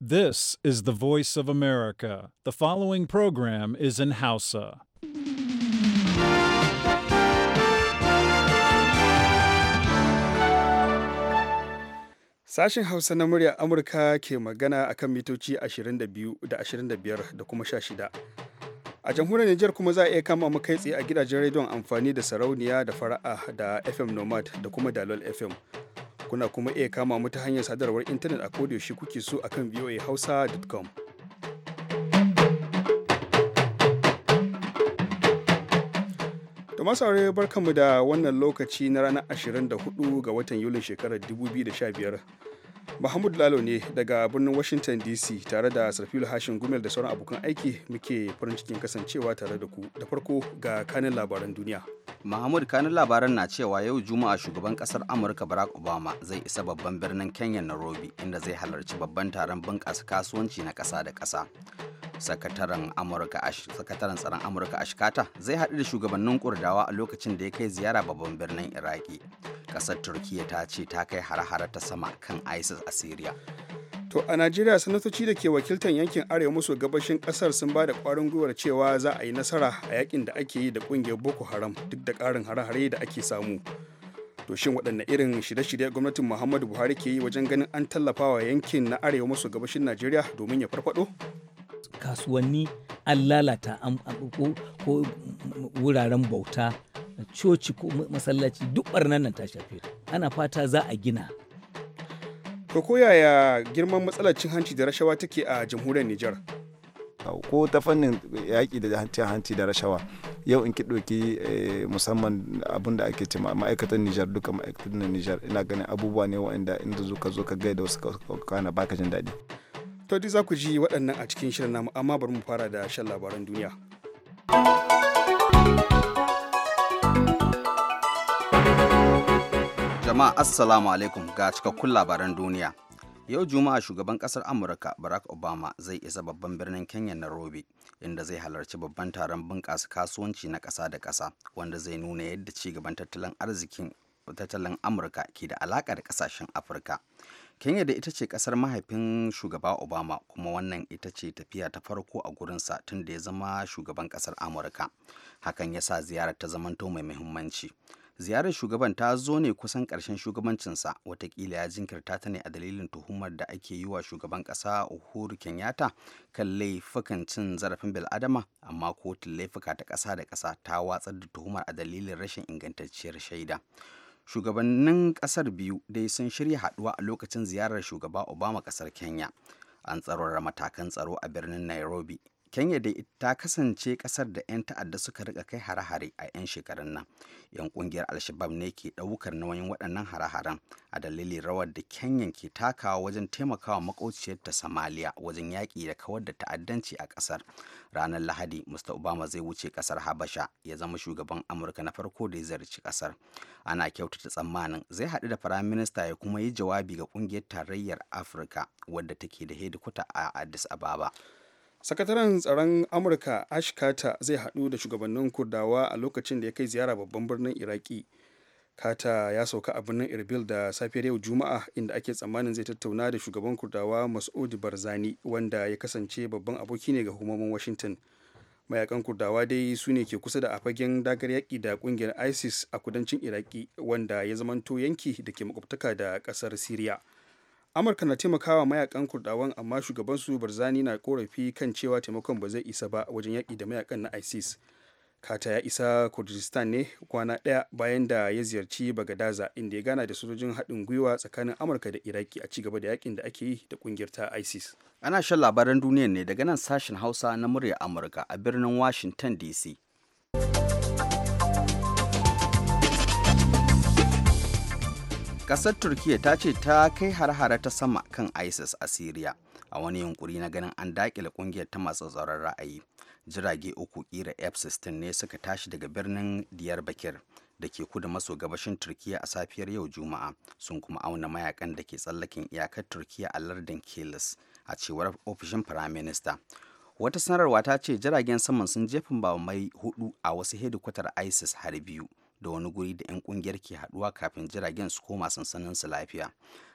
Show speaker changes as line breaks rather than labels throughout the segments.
This is the voice of America. The following program is in Hausa.
Sashen Hausa na muryar Amurka ke magana akan mitoci 22 da 25 da kuma 16. A jamhuriyar Nijar kuma za a iya kama mu kai tsaye a gidajen rediyon amfani da sarauniya da fara'a da FM Nomad da kuma Dalol FM. Kuna kuma iya kama mu ta hanyar sadarwar intanet a kodayaushe kuke so akan voahausa.com. Da masu aure barkanmu da wannan lokaci na ranar 24 ga watan Yulin shekarar 2015. Mahmud Lalo ne daga birnin Washington DC tare da Sarfilu Hashin Gumel da sauran abokan aiki muke farin cikin kasancewa tare da ku. Da farko
ga kanin labaran duniya. Mahmud kanin labaran na cewa yau Juma'a shugaban kasar Amurka Barack Obama zai isa babban birnin Kenya Nairobi inda zai halarci babban taron bunƙasa kasuwanci na kasa da ƙasa. Sakataren Amurka Sakataren tsaron Amurka Ashkata zai haɗu da shugabannin Kurdawa a lokacin da ya kai ziyara babban birnin Iraki. kasar turkiya ta ce ta kai hare-hare ta sama kan isis a syria to a
najeriya sanatoci da ke wakiltan yankin arewa maso gabashin kasar sun ba da kwarin gwiwar cewa za a yi nasara a yakin da ake yi da ƙungiyar boko haram duk da karin hare-hare da ake samu to shin waɗanne irin shirye-shirye gwamnatin muhammadu buhari ke yi wajen ganin an tallafa wa yankin na arewa maso gabashin najeriya domin ya farfado
kasuwanni an lalata ko wuraren bauta coci ko masallaci duk barnan nan ta shafe ana fata za a gina
ko ko yaya girman matsalar cin
hanci da rashawa take a jamhuriyar Nijar ko ta fannin yaƙi da cin hanci da rashawa yau in ki ɗauki eh, musamman abin da ake ce ma'aikatan Nijar duka ma'aikatan Nijar ina ganin abubuwa ne wa'anda inda zo ka zo ka gaida wasu kana baka jin daɗi
to duk za ku ji waɗannan a cikin shirin namu amma bari mu fara da shan labaran duniya
jama'a assalamu alaikum ga cikakkun labaran duniya yau juma'a shugaban kasar amurka barack obama zai isa babban birnin kenya nairobi inda zai halarci babban taron bunƙasa kasuwanci na ƙasa da ƙasa wanda zai nuna yadda ci gaban tattalin arzikin tattalin amurka ke da alaƙa da ƙasashen afirka kenya da ita ce kasar mahaifin shugaba obama kuma wannan ita ce tafiya ta farko a gurinsa tun da ya zama shugaban kasar amurka hakan ya sa ziyarar ta zamanto mai muhimmanci ziyarar shugaban ta zo ne kusan karshen shugabancinsa watakila ya jinkirta ta ne a dalilin tuhumar da ake yi wa shugaban kasa uhuru kenyatta kan laifukan cin zarafin bil'adama amma kotun laifuka ta kasa da kasa ta watsar da tuhumar a dalilin rashin ingantacciyar shaida shugabannin kasar biyu dai sun shirya haduwa a lokacin ziyarar shugaba obama kasar kenya an tsarora matakan tsaro a birnin nairobi kenya da ta kasance kasar da 'yan ta'adda suka rika kai hare-hare a 'yan shekarun nan yan kungiyar alshabab ne ke daukar nauyin waɗannan hare-haren a dalilin rawar da kenya ke takawa wajen taimakawa makauciyar ta somalia wajen yaƙi da kawar da ta'addanci a ƙasar ranar lahadi mr obama zai wuce ƙasar habasha ya zama shugaban amurka na farko da ya zarci ƙasar ana kyautata tsammanin zai haɗu da firaminista ya kuma yi jawabi ga kungiyar tarayyar afirka wadda take da hedikwata a addis ababa sakataren tsaron amurka ash carter zai haɗu
da shugabannin kurdawa a lokacin da ya kai ziyara babban birnin iraki kata ya sauka a birnin irbil da safiyar yau juma'a inda ake tsammanin zai tattauna da shugaban kurdawa mas'ud barzani wanda ya kasance babban aboki ne ga hukumomin washington mayakan kurdawa dai su ne ke kusa da afagen dagar yaƙi da ƙungiyar isis a kudancin iraki wanda ya zamanto yanki da ke makwabtaka da ƙasar syria amurka na taimakawa mayakan kurdawan amma shugabansu barzani na korafi kan cewa taimakon ba zai isa ba wajen yaki da mayakan na isis kata ya isa kurdistan ne kwana ɗaya bayan da ya ziyarci bagadaza inda ya gana da sojojin haɗin gwiwa tsakanin amurka da iraki a ci gaba da yakin da ake yi da ƙungiyar ta isis
ana shan labaran duniya ne daga nan sashen hausa na murya amurka a birnin washington dc kasar turkiya ta ce ta kai har-hare ta sama kan ISIS a syria a wani yunkuri na ganin an dakile ƙungiyar ta masu tsaron ra'ayi. Jirage uku ƙira F-16 ne suka tashi daga birnin bakir da ke kudu maso gabashin Turkiyya a safiyar yau Juma'a sun kuma auna mayakan da ke tsallakin iyakar Turkiyya a lardin Kilis a cewar ofishin Firaminista. Wata sanarwa ta ce jiragen saman sun jefin jefa mai hudu a wasu hedikwatar ISIS har biyu. da wani guri da 'yan kungiyar ke haduwa kafin jiragen su koma sansanin su lafiya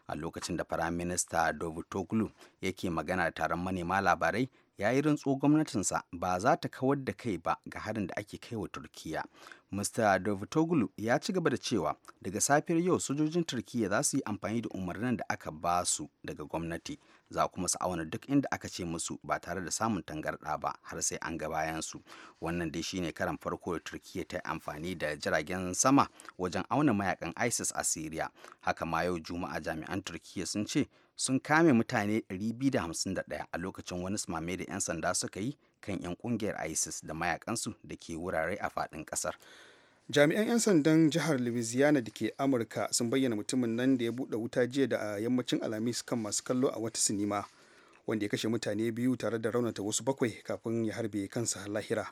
a lokacin da firaminista dovitoglu yake magana da taron manema labarai ya yi rantso gwamnatinsa ba za ta kawar da kai ba ga harin da ake kai wa turkiya mr davutoglu ya ci gaba da cewa daga safiyar yau sojojin turkiya za su yi amfani da umarnin da aka ba su daga gwamnati za kuma su auna duk inda aka ce musu ba tare da samun tangarɗa ba har sai an ga bayan su wannan dai shine karan farko da turkiya ta yi amfani da jiragen sama wajen auna mayakan isis a syria haka ma yau juma'a jami'an turkiya sun ce sun kame mutane 251 a lokacin wani sumame da 'yan sanda suka yi kan 'yan kungiyar isis da mayakansu da ke wurare a faɗin ƙasar jami'an 'yan sandan jihar louisiana da ke amurka
sun bayyana mutumin nan da ya buɗe wuta jiya da a yammacin alhamis kan masu kallo a wata sinima wanda ya kashe mutane biyu tare da raunata wasu bakwai kafin ya harbe kansa lahira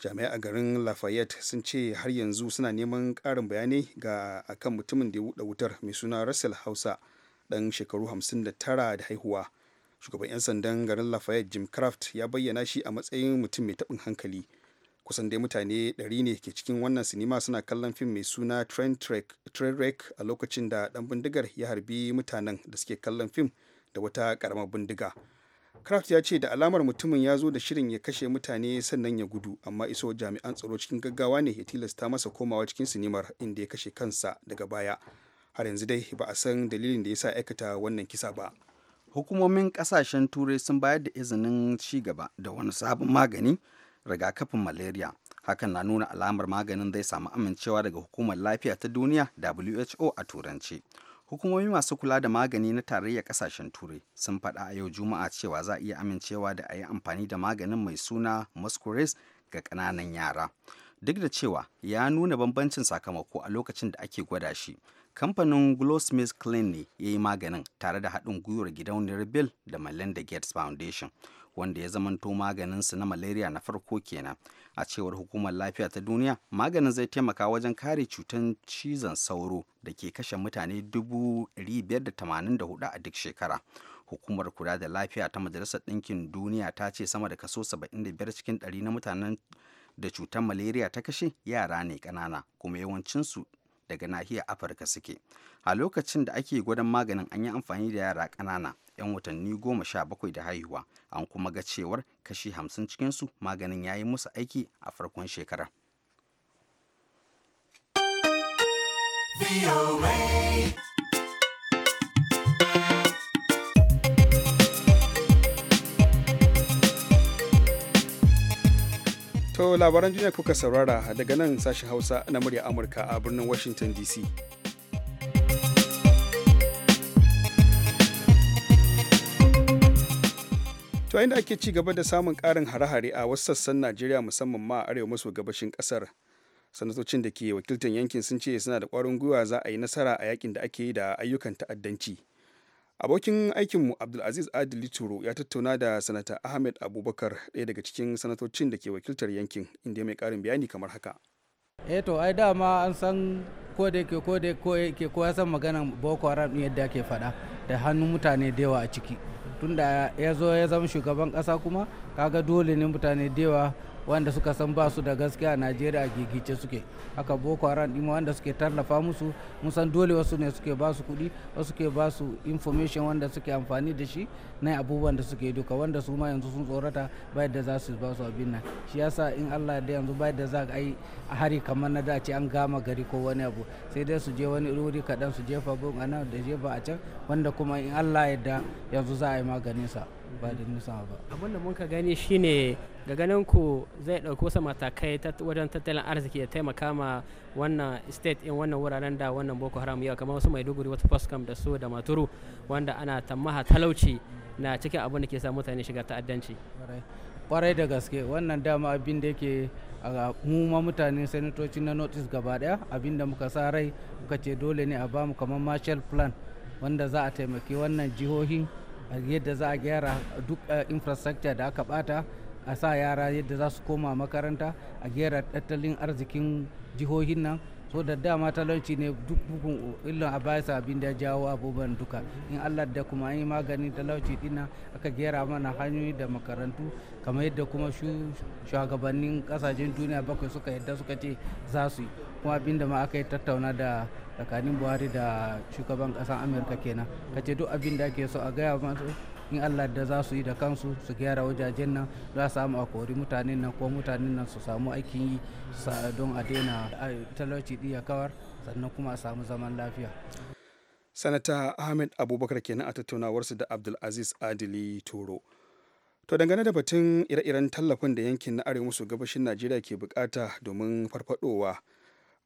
jami'ai a garin lafayette sun ce har yanzu suna neman ƙarin bayanai ga akan mutumin da ya buɗe wutar mai suna russell hausa dan shekaru 59 da haihuwa shugaban 'yan sandan garin lafayette jim craft ya bayyana shi a matsayin mutum mai taɓin hankali kusan dai mutane 100 ne ke cikin wannan sinima suna kallon fim mai suna train wreck a lokacin da ɗan bindigar ya harbi mutanen da suke kallon fim da wata karamar bindiga craft ya ce da alamar mutumin ya zo da shirin ya kashe mutane sannan ya gudu amma iso jami'an tsaro cikin gaggawa ne ya tilasta masa komawa cikin sinimar inda ya kashe kansa daga baya
har yanzu dai ba a san dalilin da ya sa aikata wannan kisa ba hukumomin kasashen turai sun bayar da izinin ci gaba da wani sabon magani rigakafin malaria hakan na nuna alamar maganin zai samu amincewa daga hukumar lafiya ta duniya who a turanci hukumomi masu kula da magani na tarayyar kasashen turai sun faɗa a yau juma'a cewa za a iya amincewa da a yi amfani da maganin mai suna muscaris ga ƙananan yara duk da cewa ya nuna bambancin sakamako a lokacin da ake gwada shi kamfanin Glossmith Klein ne ya yi maganin tare da haɗin gwiwar gidauniyar Bill da Melinda Gates Foundation, wanda ya zamanto su na malaria na farko kenan. A cewar hukumar lafiya ta duniya, maganin zai taimaka wajen kare cutar cizon sauro da ke kashe mutane 584 a duk shekara. Hukumar kula da lafiya ta Majalisar Ɗinkin Duniya ta ce sama da kaso 75 cikin 100 na mutanen da cutar malaria ta kashe yara ne ƙanana kuma yawancinsu daga nahiyar afirka suke a lokacin da ake gwadon maganin an yi amfani da yara ƙanana 'yan watanni goma sha bakwai da haihuwa an kuma ga cewar kashi hamsin cikinsu maganin ya yi musu aiki a farkon shekarar
To labaran duniya kuka saurara daga nan sashen Hausa na murya Amurka a birnin Washington DC. To inda ake ci gaba da samun ƙarin hare-hare a wasu sassan Najeriya musamman ma a arewa maso gabashin ƙasar. Sanatocin da ke wakiltan yankin sun ce suna da ƙwarin gwiwa za a yi nasara a yakin da ake yi da ayyukan ta'addanci. abokin aikinmu abdulaziz adili turo ya tattauna da sanata ahmed abubakar ɗaya daga cikin sanatocin da ke wakiltar yankin inda ya mai ƙarin bayani kamar haka
eto eh to ai dama an san ko da ke ko da yake ko ya san maganan boko haram yadda ake faɗa da hannun mutane da yawa a ciki tunda ya zo ya zama shugaban kasa kuma kaga dole ne mutane da yawa wanda suka san ba su da gaskiya a najeriya a gigice suke haka boko haram ɗin wanda suke tallafa musu musan dole wasu ne suke ba su kuɗi wasu ke ba su information wanda suke amfani da shi na abubuwan da suke duka wanda su ma yanzu sun tsorata ba da za su ba su abin nan shi yasa in allah da yanzu ba da za a yi hari kamar na dace an gama gari ko wani abu sai dai su je wani ruri kaɗan su jefa gun a nan da jefa a can wanda kuma in allah yadda yanzu za a yi maganin sa ba da nusa ba abin da muka gani shine ga ganin ku zai ɗauki wasu matakai wajen tattalin arziki da taimaka ma wannan state in wannan wuraren da wannan boko haram yau kamar wasu maiduguri wata foscom da su da maturu wanda ana tamaha talauci na cikin abin da ke sa mutane shiga ta'addanci kwarai da gaske wannan dama abin da yake a mu ma mutane sanatoci na notice gaba daya abin da muka sa rai muka ce dole ne a bamu kamar marshall plan wanda za a taimaki wannan jihohin yadda za a gyara duk eh, infrastructure da aka bata a sa yara yadda za su koma makaranta a gyara tattalin arzikin jihohin nan so da dama talauci ne duk bugun illan a bayan abin da jawo abubuwan duka in allah da kuma yi maganin talauci dina aka gera mana hanyoyi da makarantu kamar yadda kuma shugabannin kasashen duniya bakwai suka yadda suka ce za su yi kuma abinda ma aka yi tattauna da tsakanin buhari da shugaban kasan amurka kenan ka ce duk abin da ake so a gaya masu in allah da za su yi da kansu su gyara wajajen nan za su samu a kori mutanen nan ko mutanen nan su samu aikin yi don a daina talauci ɗiya kawar sannan kuma a samu zaman lafiya
sanata ahmed abubakar kenan a tattaunawarsu da abdulaziz adili toro to dangane da batun ire-iren tallafin da yankin na arewa maso gabashin najeriya ke bukata domin farfadowa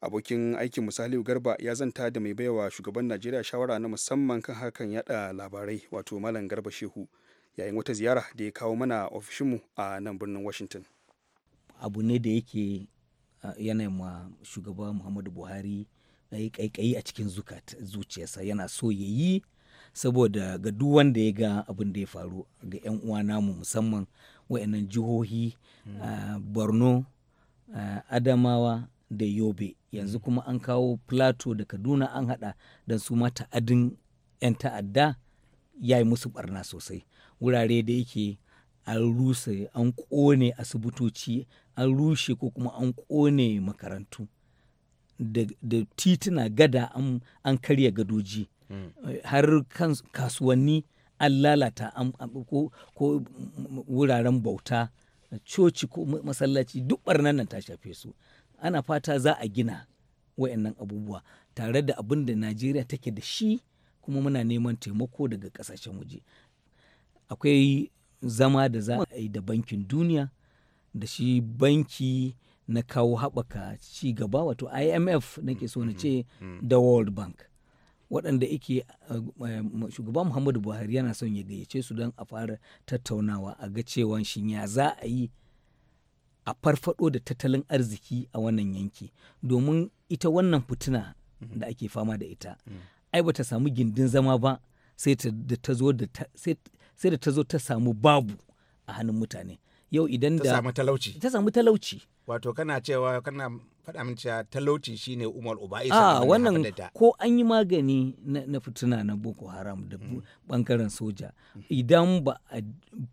abokin aikin misali garba ya zanta da mai baiwa shugaban najeriya shawara na musamman kan hakan yada labarai wato malam garba shehu yayin wata ziyara da ya kawo mana ofishinmu a nan birnin washington
abu ne da yake yana ma shugaba muhammadu buhari yi kaikayi a cikin zuciyarsa yana so ya yi saboda ga duk wanda ya ga abin da ya faru ga 'yan uwa namu musamman wayannan jihohi hmm. borno adamawa da yobe yanzu mm. kuma an kawo plato da kaduna an hada don su ma ta'adin 'yan ta'adda ya yi musu barna sosai wurare da yake an rusa an kone asibitoci an rushe ko kuma an kone makarantu da tituna gada an karya gadoji mm. har kasuwanni an lalata ko wuraren bauta coci ko masallaci duk barnan nan ta shafe su ana fata za a gina wayannan abubuwa tare da abin da najeriya take da shi kuma muna neman taimako daga kasashen waje akwai zama da za a yi da bankin duniya da shi banki na kawo haɓaka ci gaba wato imf ke so na mm, ce mm, mm. da world bank waɗanda ike eh, eh, shugaba muhammadu buhari yana son ya gayyace su don a fara tattaunawa a ga cewa shin ya za a yi a farfado da tattalin arziki a wannan yanki domin ita wannan fitina mhm. da ake fama da ita mm. ai ba ta samu gindin zama ba sai da ta zo ta samu babu a hannun mutane yau idan da ta samu talauci
wato kana cewa kana faɗa min cewa talauci shine Umar Uba Isa ah, wannan
ko an yi magani na, fituna na Boko Haram da bangaren mm. soja mm. idan ba a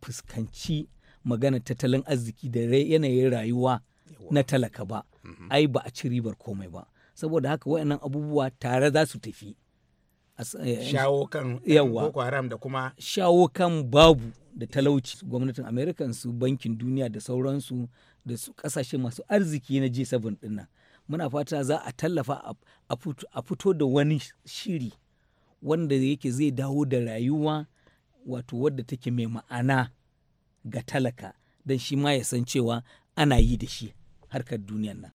fuskanci magana tattalin arziki da yanayin rayuwa na talaka ba mhm. ai ba a ci ribar komai ba saboda haka waɗannan abubuwa tare za su tafi eh, eh, shawo kan boko haram da kuma shawo kan babu da talauci gwamnatin american su bankin duniya da sauransu da su kasashe masu arziki na g7 dinnan muna fata za a tallafa a fito da wani shiri wanda yake zai dawo da rayuwa wato wadda take mai ma'ana ga talaka don shi ma ya san cewa ana yi da shi harkar duniyan nan.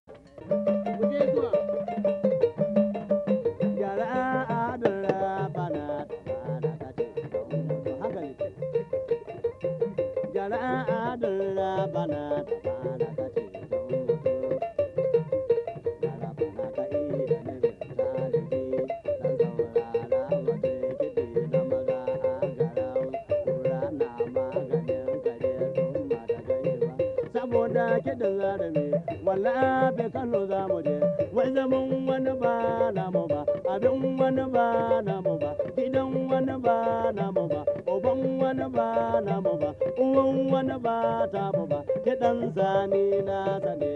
rame walla be kano za mu je wai zaman wani ba na mu ba abin wani ba na mu ba gidan wani ba na mu ba uban wani ba na mu ba uwan wani ba ta mu ba
kiɗan zane na zane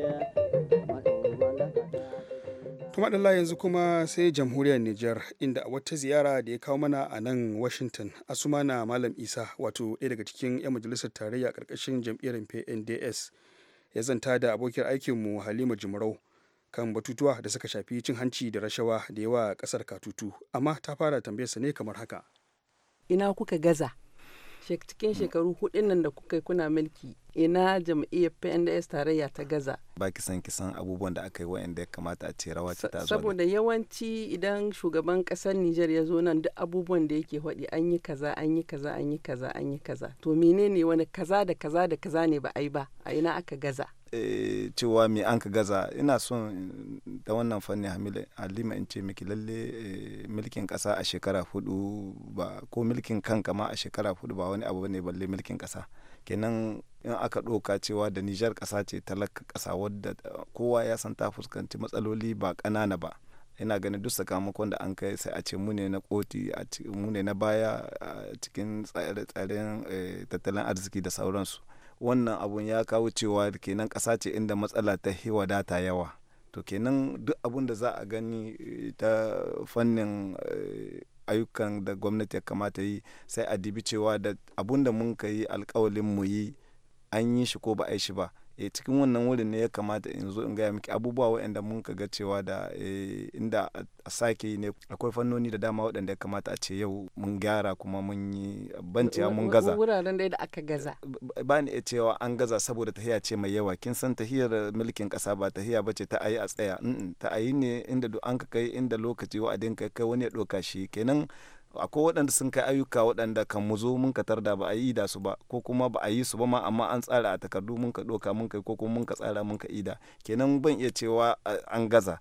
kuma ɗalla yanzu kuma sai jamhuriyar Nijar inda a wata ziyara da ya kawo mana a nan Washington Asumana Malam Isa wato ɗaya daga cikin 'yan majalisar tarayya ƙarƙashin jam'iyyar PNDS ya zanta da abokin aikinmu halima jimarau kan batutuwa da suka shafi cin hanci da rashawa da yawa kasar katutu amma ta fara tambayarsa ne kamar haka
ina kuka gaza cikin shekaru hudun nan da kuka yi kuna mulki ina jam'iyyar PNDS tarayya ta gaza.
Ba ki san ki san abubuwan da aka yi wa'anda ya kamata a ce rawa ta Saboda
yawanci idan shugaban kasar Nijar ya zo nan duk abubuwan da yake hodi an yi kaza an yi kaza an yi kaza an yi kaza. To menene wani kaza da kaza da kaza ne ba ai ba a ina aka gaza.
Eh, cewa mai an ka gaza ina son da wannan fanni halima in ce miki lalle eh, milkin kasa a shekara hudu ba ko milkin kanka ma a shekara hudu ba wani abu ne balle milkin kasa kenan in aka doka cewa da nijar kasa ce talaka kasa wadda eh, kowa ya san ta fuskanci matsaloli ba kanana ba ina ganin duk sakamakon da an kai sai a ce mu ne na koti mu ne na baya a cikin tsare-tsaren tattalin arziki da sauransu wannan abun ya kawo cewa kenan ƙasa ce inda matsala ta wadata yawa to kenan duk abun da za a gani eh, ta fannin eh, ayyukan da gwamnati ya kamata yi sai a dibi cewa da abun da mun ka yi alkawalin mu yi an yi shi ko ba a yi shi ba e, cikin wannan wurin ne ya kamata in zo in gaya miki abubuwa waɗanda mun ka ga cewa da eh, inda a sake yi ne akwai fannoni da dama waɗanda ya kamata a ce yau mun gyara kuma mun yi banciya mun gaza
wuraren da aka gaza
ba ni cewa an gaza saboda tahiya ce mai yawa kin san tahiyar mulkin kasa ba tahiya bace ta ayi a tsaya ta ayi ne inda an ka kai inda lokaci wa'adin ka kai wani ya ɗauka shi kenan akwai waɗanda sun kai ayyuka waɗanda kan mu zo mun katar da ba a yi da su ba ko kuma ba a yi su ba ma amma an tsara a takardu mun ka ɗoka mun kai ko kuma mun ka tsara mun ka ida kenan ban iya cewa an gaza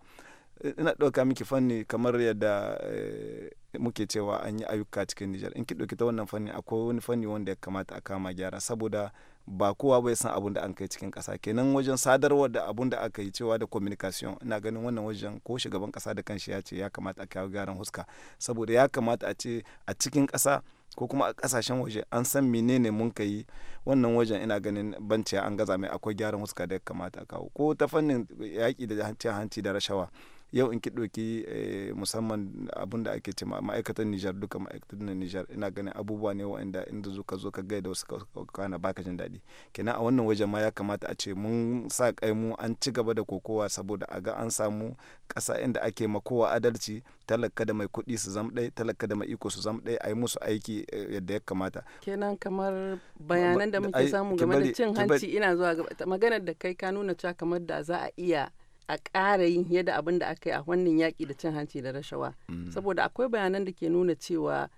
ina ɗauka miki fanni kamar yadda eh, muke cewa an yi ayyuka cikin Nijar in ki ɗauki ta wannan fanni akwai wani fanni wanda ya kamata a kama gyara saboda ba kowa bai san abun da an kai cikin ƙasa kenan wajen sadarwar da abun da aka yi cewa da communication ina ganin wannan wajen ko shugaban ƙasa da kanshi ya ce ya kamata a kawo gyaran huska saboda ya kamata a ce a cikin ƙasa ko kuma a ƙasashen waje an san menene mun ka yi wannan wajen ina ganin banciya an gaza mai akwai gyaran huska da ya kamata a kawo ko ta fannin yaƙi da hanci da rashawa yau in ki ɗauki eh, musamman abin da ake ce ma'aikatan Nijar duka ma'aikatan Nijar ina ganin abubuwa ne wa'anda inda zo ka zo ka gaida wasu kawana baka jin daɗi kenan a wannan wajen ma ya kamata a ce mun sa kai mu an ci gaba da kokowa saboda a ga an samu ƙasa inda ake ma kowa adalci talaka da mai kuɗi su zam ɗai talaka da mai iko su zam ɗai a yi musu aiki eh, yadda ya kamata
kenan kamar bayanan da muke samu game da cin hanci ina zuwa maganar da kai ka nuna cewa kamar da za a
iya a ƙara yin yadda abin da aka yi a wannan yaƙi da cin hanci da rashawa mm. saboda akwai bayanan da ke nuna cewa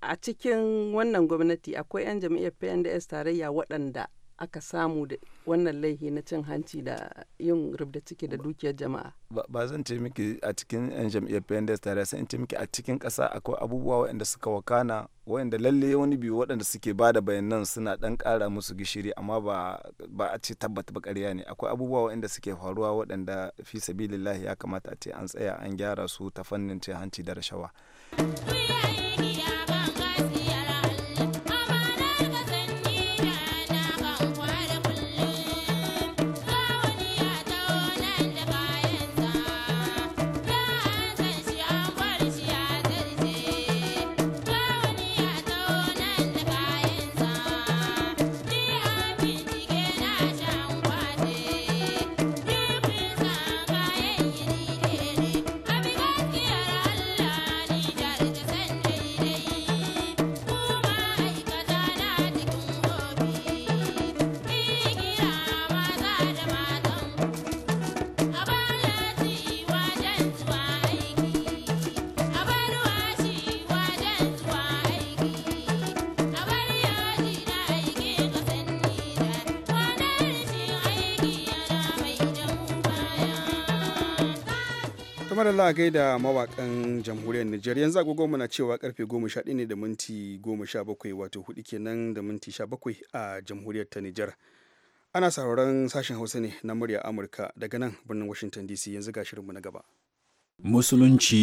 a cikin wannan gwamnati akwai 'yan jam'iyyar pnds tarayya waɗanda aka samu da wannan laihi na cin hanci da yin rubda ciki da dukiyar jama'a
ba zan ce miki a cikin yan jam'iyyar pendes tare sai in ce miki a cikin ƙasa akwai abubuwa waɗanda suka wakana waɗanda lalle wani biyu waɗanda suke ba da bayanan suna ɗan ƙara musu gishiri amma ba a ce tabbata ba ƙarya ne akwai abubuwa waɗanda suke faruwa waɗanda fi sabilillahi ya kamata a ce an tsaya an gyara su ta fannin cin hanci da rashawa.
madalla gaida mawakan jamhuriyar Nijar yanzu agogo muna cewa karfe 11 ne da minti 17 wato hudu kenan da minti 17 a jamhuriyar ta Nijar. Ana sauraron sashen Hausa ne na murya Amurka daga nan birnin Washington DC yanzu ga shirinmu na gaba.
Musulunci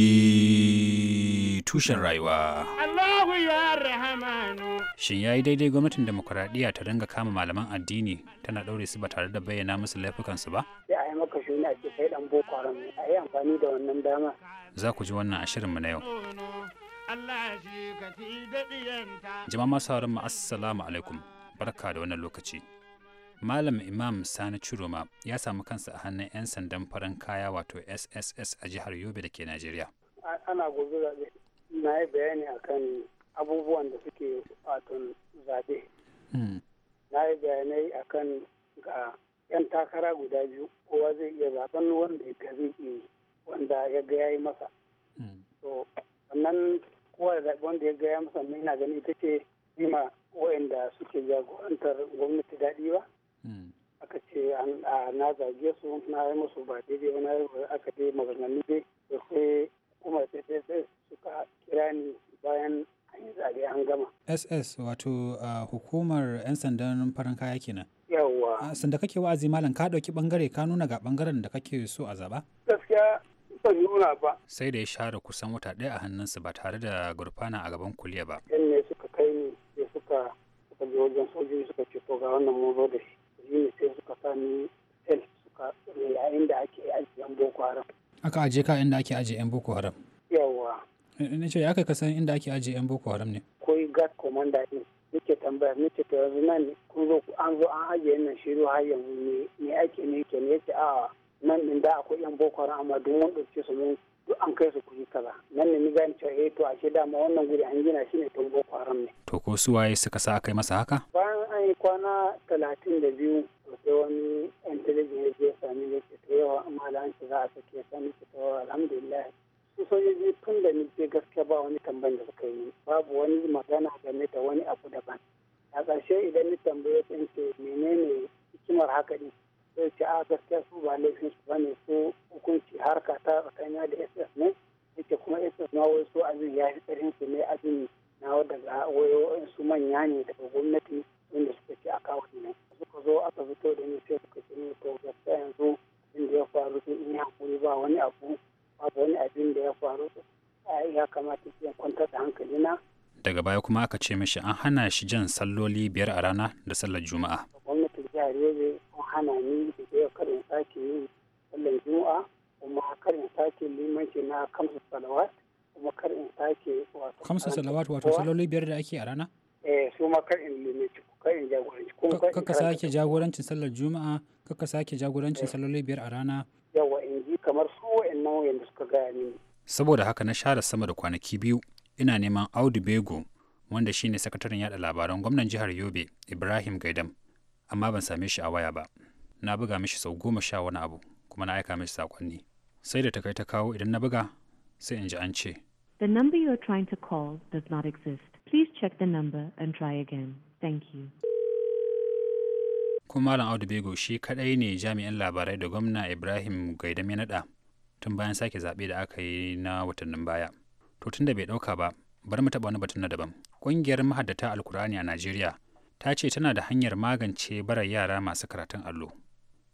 tushen rayuwa.
Allahu ya rahamanu.
Shin ya yi daidai gwamnatin demokuraɗiyya ta dinga kama malaman addini tana ɗaure su ba tare da bayyana musu laifukansu ba?
yi maka shuni a ce kai dan boko haram ne a yi amfani da wannan dama
za ku ji wannan a mu na yau jama'a masu mu assalamu alaikum barka da wannan lokaci malam imam sani churoma ya samu kansa a hannun 'yan sandan farin kaya wato sss a jihar yobe da ke najeriya
ana gobe zaɓe na yi bayani akan abubuwan da suke wato zaɓe hmm. na yi bayanai akan ga 'yan takara guda biyu kowa zai iya zaben wanda ya zai wanda ya ga yi masa hmm. to sannan kowa ya zaɓi wanda ya ga masa mai na gani ita ce bima waɗanda suke jagorantar gwamnati daɗi ba hmm. aka ce na zage su na yi musu ba daidai ba na yi aka je maganganu dai da sai hukumar sss suka kira ni bayan an yi zaɓe an gama
ss wato hukumar 'yan sandan farin kaya kenan yawa sanda kake wa'azi malam ka ɗauki ɓangare ka nuna ga ɓangaren da kake so a zaba gaskiya ban nuna ba sai da ya share kusan wata ɗaya a hannunsu ba tare da gurfana a gaban kuliya ba
yan ne suka kai ni da suka suka je wajen soji suka ce to ga wannan mun zo da shi shi ne sai suka sa ni sel suka yayin da ake ajiye yan boko haram
aka ajiye ka inda ake ajiye yan boko haram
yawa ne
ce ya kai kasan inda ake ajiye yan boko haram ne
koyi gat commander din nake tambaya nake ta yanzu nan kun zo an zo an ajiye nan shiru har yanzu ne ne ake ne ke ne yake a nan din da akwai yan boko haram amma duk mun dauke su mun an kai su kuyi kaza nan ne ni gane cewa eh to ashe dama wannan guri an gina shi ne tun boko haram ne
to ko su waye suka sa kai masa haka
bayan an yi kwana talatin da biyu to sai wani intelligence ya je sami ne ke yawa amma da an shiga a sake sani ta alhamdulillah sojoji tun da ni ke gaskiya ba wani tambayin da suka yi babu wani magana game da wani abu daban a ƙarshe idan ni tambaye sun ce menene hikimar haka ne sai ce a ah, gaskiya su ba laifin su ba ne su hukunci harka ta tsakaniya da ss ne yake kuma ss ma wai su abin ya fi tsarin su ne abin na daga wayoyin su manya ne daga gwamnati inda suka ce a kawo ne suka zo aka fito da ni sai suka ce ni to gaskiya yanzu inda ya faru sai in yi hakuri ba wani abu faru ya kamata ya kwantar da hankalina
daga baya kuma aka ce mishi an hana shi jan salloli biyar a rana da sallar juma'a
gwamnatin jihar yobe an hana ni da ke karin sake yi sallar juma'a kuma karin sake limanci na kamsa salawat kuma karin sake wato kamsa salawat wato salloli
biyar da ake a rana
eh su ma karin limanci karin jagoranci kuma kaka sake
jagorancin sallar juma'a kaka sake jagorancin eh. salloli biyar a rana
yawa in ji kamar su wa'in wa'annan da suka gaya mini
saboda haka na share sama da kwanaki biyu ina neman audu bego wanda shine sakataren yada labaran gwamnan jihar yobe ibrahim gaidam amma ban same shi a waya ba na buga mishi sau goma sha wani abu kuma na aika mishi sakonni sai da ta kai ta kawo idan na buga sai in ji an ce
The number you are trying to call does not exist. Please check the number and try again.
Kuma Malam Audu Bego shi kadai ne jami'in labarai da gwamna Ibrahim Gaidam ya naɗa. tun bayan sake zaɓe da aka yi na watannin baya to tun da bai ɗauka ba bari mu taɓa wani batun na daban ƙungiyar mahaddata alkur'ani a najeriya ta ce tana da hanyar magance barar yara masu karatun allo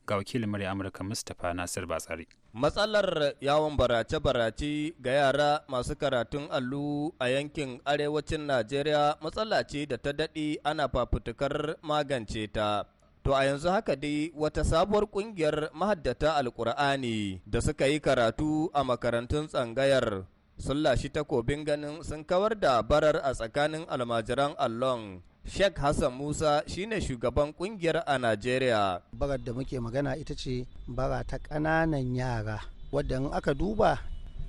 ga wakilin murya amurka mustapha nasir
batsari matsalar yawon barace-barace ga yara masu karatun allo a yankin arewacin najeriya matsala ce da ta daɗe ana fafutukar magance ta To a yanzu haka dai wata sabuwar kungiyar mahaddata alkur'ani da suka yi karatu a makarantun tsangayar sun lashi takobin ganin sun kawar da barar a tsakanin almajiran allon Sheikh Hassan Musa shine shugaban kungiyar a nigeria.
Barar da muke magana ita ce bara ta ƙananan yara wadda aka duba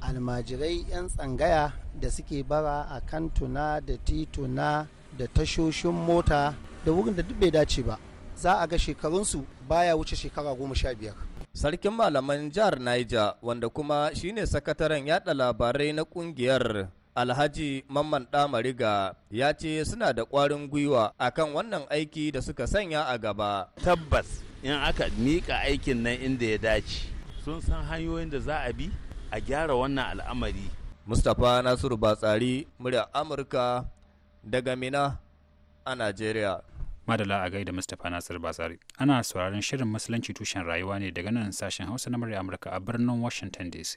almajirai 'yan tsangaya da suke bara a kantuna da tituna da tashoshin mota da wurin da duk bai dace ba za a ga shekarunsu baya wuce shekara goma sha biyar.
Sarkin malaman jihar Niger wanda kuma shine sakataren yada labarai na kungiyar Alhaji Mamman Damariga ya ce suna da ƙwarin gwiwa akan wannan aiki da suka sanya a gaba. Tabbas in aka mika aikin nan inda ya dace sun san hanyoyin da za a bi a gyara wannan al'amari. Mustapha Nasiru Batsari, murya Amurka daga Mina a Najeriya.
Madala a gaida Mustapha Nasir Basari. Ana sauraron shirin Musulunci tushen rayuwa ne daga nan sashen Hausa na murya Amurka a birnin Washington DC.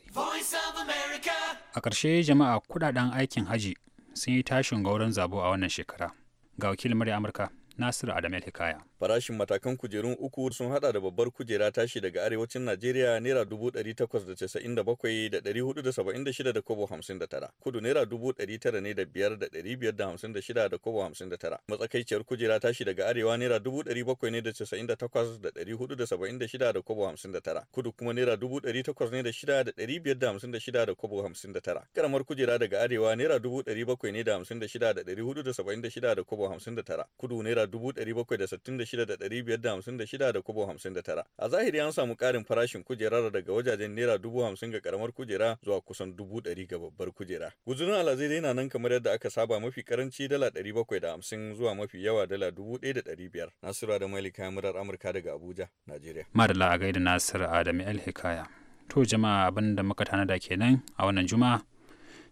A ƙarshe jama'a kudaden aikin haji sun yi tashin gauran zabo a wannan shekara. Ga wakilin murya Amurka Nasiru Adam Hikaya.
Farashin matakan kujerun uku sun hada da babbar kujera tashi daga arewacin Najeriya naira dubu ɗari takwas da casa'in da bakwai da ɗari hudu da saba'in da shida da kobo hamsin da tara. Kudu naira dubu ɗari tara ne da biyar da ɗari biyar da hamsin da shida da kobo hamsin da tara. Matsakaiciyar kujera tashi daga arewa naira dubu ɗari bakwai ne da casa'in da takwas da ɗari hudu da saba'in da shida da kobo hamsin da tara. Kudu kuma naira dubu ɗari takwas ne da shida da ɗari biyar da hamsin da shida da kobo hamsin da tara. Karamar kujera daga arewa naira dubu dari bakwai ne da hamsin da shida da dari hudu da saba'in da shida da kobo hamsin da tara. Kudu naira dubu dari bakwai da sittin da 56,556 da kubo 59. A zahiri an samu karin farashin kujerar daga wajajen naira dubu hamsin ga karamar kujera zuwa kusan dubu ɗari ga babbar kujera. Guzurin alazai yana nan kamar yadda aka saba mafi karanci dala ɗari bakwai da hamsin zuwa mafi yawa dala dubu ɗaya da ɗari biyar. Nasiru da Malika murar Amurka daga Abuja, Najeriya.
madala a gaida Nasiru Adami Alhikaya. To jama'a abin da muka tanada kenan a wannan juma'a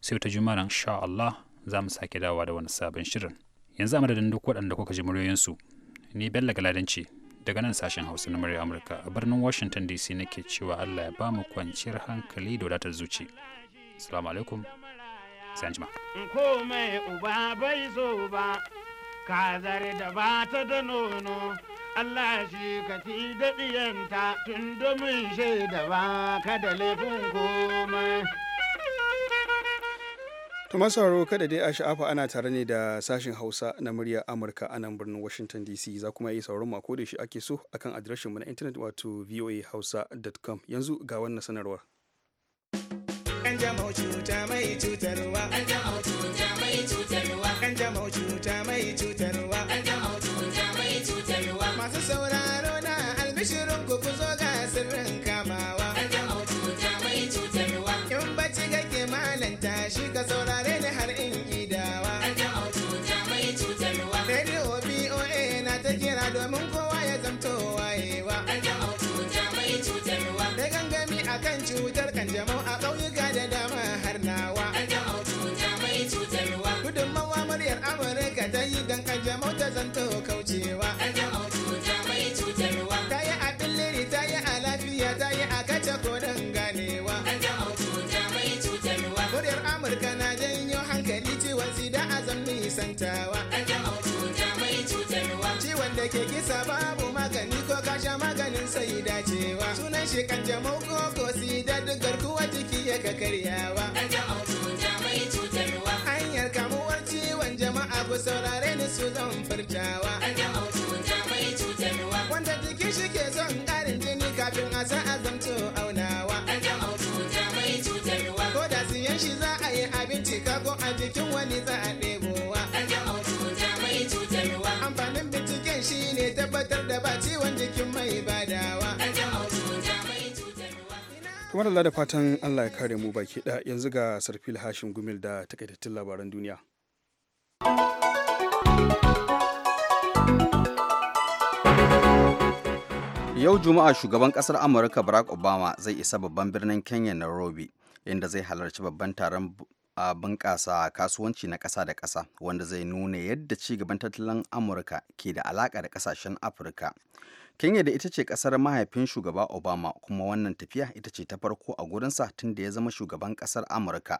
sai wata na insha Allah za mu sake dawowa da wani sabon shirin. Yanzu a madadin duk waɗanda kuka ji muryoyinsu ni Bello Galadanci daga nan sashen Hausa na murya Amurka a birnin Washington DC nake cewa Allah ya bamu kwanciyar hankali da wadatar zuci. Assalamu alaikum. Sai
Komai uba bai zo ba, kazar da ba ta da nono, Allah shi ka fi daɗiyanta tun domin shaida ba ka da laifin komai.
To sauraro kada dai a sha'afa ana tare ne da sashen Hausa na muryar Amurka a nan birnin Washington DC za kuma iya sauran mako da shi ake so akan adireshin mu na intanet wato voahausa.com yanzu ga wannan sanarwar.
An jama'u cuta mai cutarwa. An jama'u cuta mai cutarwa. An jama'u cuta mai cutarwa. Masu sauraro na albishirin ku ku cutar kanjamau a ƙauyuka da dama har nawa. cuta mai cutarwa. Gudunmawa muryar Amurka ta yi don kanjamau ta zanto kaucewa. Kanjamau cuta mai cutarwa. Ta yi a billiri ta yi a lafiya ta yi a kace koren ganewa. Kanjamau cuta mai cutarwa. Muryar Amurka na janyo hankali ciwon sida a zan nisantawa. da ke kisa babu magani ko kasha maganin sai dacewa sunan shi kan jamau ko ko da duk kuwa jiki ya ka karyawa hanyar kamuwar ciwon jama'a ku saurare ni su zan furtawa cutar mai badawa
kamar Allah da fatan Allah ya kare mu baki ɗaya yanzu ga sarfil Hashim gumil da takaitattun
labaran duniya Yau Juma'a shugaban ƙasar Amurka Barack Obama zai isa babban birnin Kenya Nairobi inda zai halarci babban taron a bunƙasa kasuwanci na ƙasa da ƙasa wanda zai nuna yadda ci gaban tattalin amurka ke da alaƙa da ƙasashen afirka kenya da ita ce ƙasar mahaifin shugaba obama kuma wannan tafiya ita ce ta farko a gurinsa tun da ya zama shugaban ƙasar amurka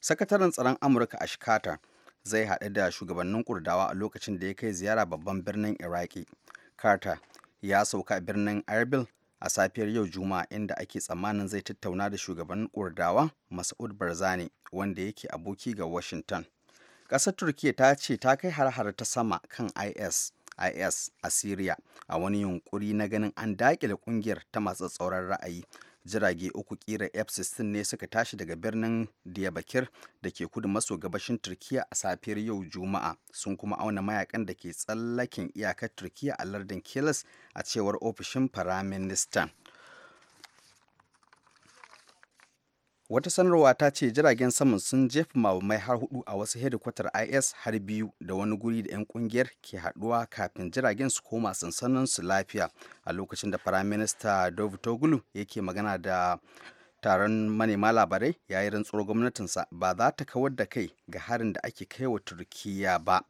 sakataren tsaron amurka a carter zai haɗu da shugabannin kurdawa a lokacin da ya kai ziyara babban birnin iraki carter ya sauka birnin erbil a safiyar yau juma'a inda ake tsammanin zai tattauna da shugaban kurdawa mas'ud barzani wanda yake aboki ga washington ƙasar turkiya ta ce ta kai har-har ta sama kan is is a syria a wani yunkuri na ganin an daƙile ƙungiyar ta masu tsauran ra'ayi jirage uku kira f-16 ne suka tashi daga birnin diyabakir da ke kudu maso gabashin turkiyya a safiyar yau juma'a sun kuma auna mayakan da ke tsallakin iyakar turkiya a lardin kilis a cewar ofishin firaministan wata sanarwa ta ce jiragen saman sun jefa mabamai har hudu a wasu hedikwatar is har biyu da wani guri da 'yan kungiyar ke haduwa kafin jiragen su koma sansanin su lafiya a lokacin da firaminista dovitoglu yake magana da taron manema labarai ya yi rantsuwar gwamnatinsa ba za ta kawar da kai ga harin da ake kai wa turkiya ba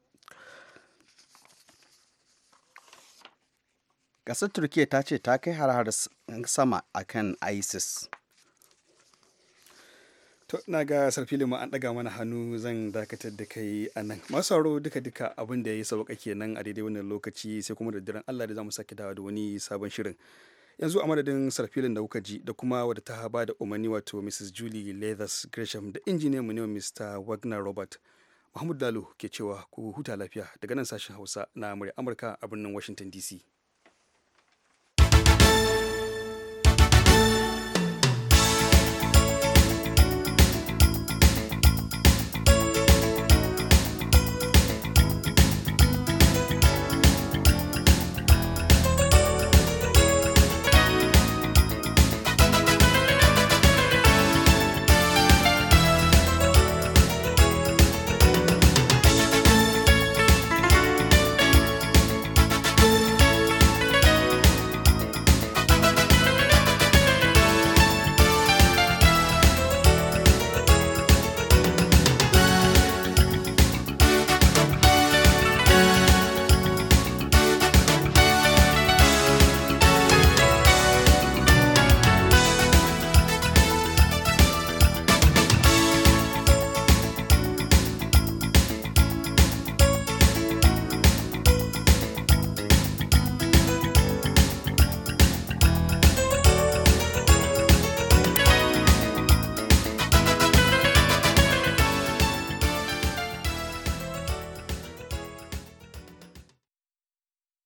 ƙasar turkiya ta ce ta kai har sama akan isis to na ga sarfili ma an daga mana hannu
zan dakatar da kai a nan masu duka duka abin da ya yi sauka nan a daidai wannan lokaci sai kuma da daren Allah da mu sake dawa da wani sabon shirin yanzu a madadin sarfilin da kuka ji da kuma wadda ta ba da umarni wato mrs julie leathers gresham da injiniyan mu ne mr wagner robert mahmud dalo ke cewa ku huta lafiya daga nan sashen hausa na amurka a birnin washington dc